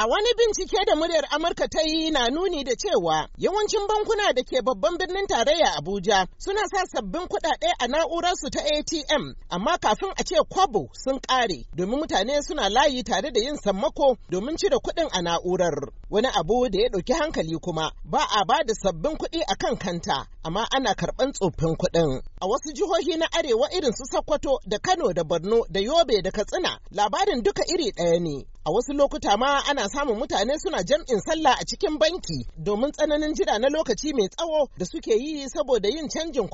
A wani bincike da muryar Amurka ta yi na nuni da cewa yawancin bankuna da ke babban birnin tarayya Abuja suna sa sabbin kuɗaɗe a na'urarsu ta ATM amma kafin a ce kwabo sun kare, domin mutane suna layi tare da yin sammako domin cire kuɗin a na'urar. Wani abu da ya ɗauki hankali kuma ba a ba da sabbin kuɗi a kan kanta amma ana karɓan tsoffin kuɗin. A wasu jihohi na arewa irin su Sokoto da Kano da Borno da Yobe da Katsina labarin duka iri ɗaya ne. A wasu lokuta ma ana samun mutane suna jam'in sallah a cikin banki domin tsananin jira na lokaci mai tsawo da suke yi saboda yin canjin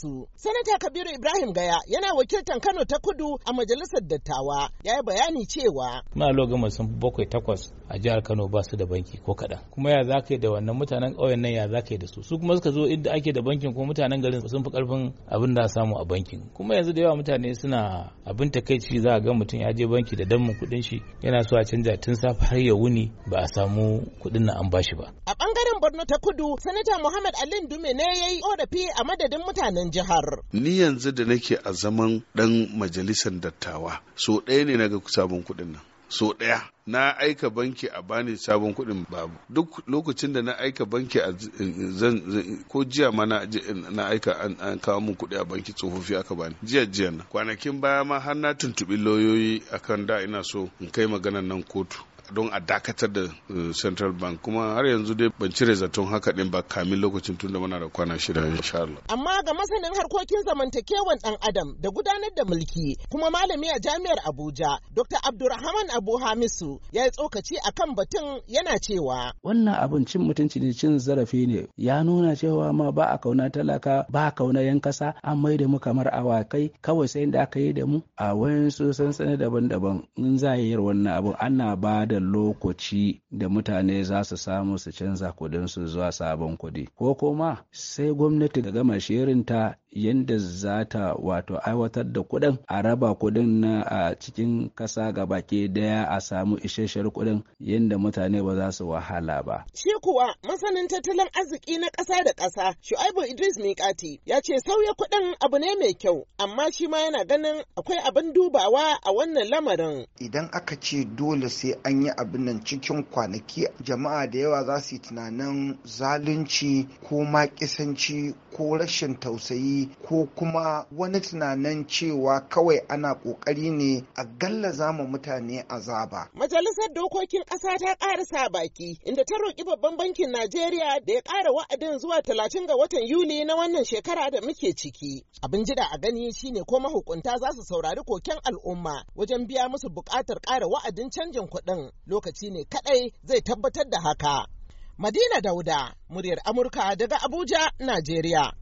su Sanata Kabiru Ibrahim Gaya yana wakiltan Kano ta Kudu a Majalisar Dattawa ya yi bayani cewa. Muna logan sun bakwai takwas a jihar Kano ba su da banki ko kaɗan. Kuma ya za da wannan mutanen ƙauyen nan ya za da su. Su kuma suka zo inda ake da bankin ko mutanen garin sun fi ƙarfin abin da samu a bankin. Kuma yanzu da yawa mutane suna abin takaici za a ga mutum ya je banki da dammin kuɗin shi yana yana so a canja tun safe har ya wuni ba a samu kuɗin na an bashi ba. A ɓangaren Borno ta Kudu, Sanata Muhammad Ali Dume ne ya yi ƙorafi a madadin mutanen jihar. Ni yanzu da nake a zaman ɗan majalisar dattawa, so ɗaya ne na ga sabon kuɗin nan. so ɗaya na aika banki a bani sabon kuɗin babu duk lokacin da na aika banki a eh, eh, zan ko jiya ma na eh, aika an kawo min kuɗi a banki tsofaffi aka bani jiya jiya na kwanakin baya ma har na tuntubi lauyoyi akan da ina so in kai maganan nan kotu don a dakatar da eh, central bank kuma har yanzu dai ban cire zaton haka din ba kamin lokacin tunda muna da kwana shida insha Allah amma ga masanin harkokin zamantakewan dan adam da gudanar da mulki kuma malami a jami'ar Abuja Dr. Abdurrahman Abu Hamisu ya yi tsokaci akan batun yana cewa wannan abin cin mutunci ne cin zarafi ne ya nuna cewa ma ba a kauna talaka ba a kauna yan kasa an mai da mu kamar awakai kawai sai da aka yi da mu a wayansu sansani daban-daban in za yi wannan abin ana ba da lokaci da mutane za su samu su canza kudinsu zuwa sabon kudi ko kuma sai gwamnati ta gama shirinta yadda za ta wato aiwatar da kudin a raba kudin na a cikin kasa baki daya a samu isasshen kudin yadda mutane ba za su wahala ba. Shi kuwa masanin tattalin arziki na ƙasa da ƙasa Shu'aibu Idris Mikati ya ce sauya kudin abu ne mai kyau amma shi ma yana ganin akwai abin dubawa a wannan lamarin. Idan aka ce dole sai an yi abin nan cikin kwanaki jama'a da yawa za su yi tunanin zalunci ko makisanci ko rashin tausayi ko kuma wani tunanin cewa kawai ana ƙoƙari ne a galla ma mutane a azaba. Majalisar dokokin ƙasa ta ƙara sa baki inda ta roƙi babban bankin Najeriya da ya ƙara wa'adin zuwa talatin ga watan Yuli na wannan shekara da muke ciki. Abin jida a gani shine ko mahukunta za su saurari koken al'umma wajen biya musu buƙatar ƙara wa'adin canjin kuɗin. lokaci ne kaɗai zai tabbatar da haka. Madina Dauda, muryar Amurka daga Abuja, Najeriya.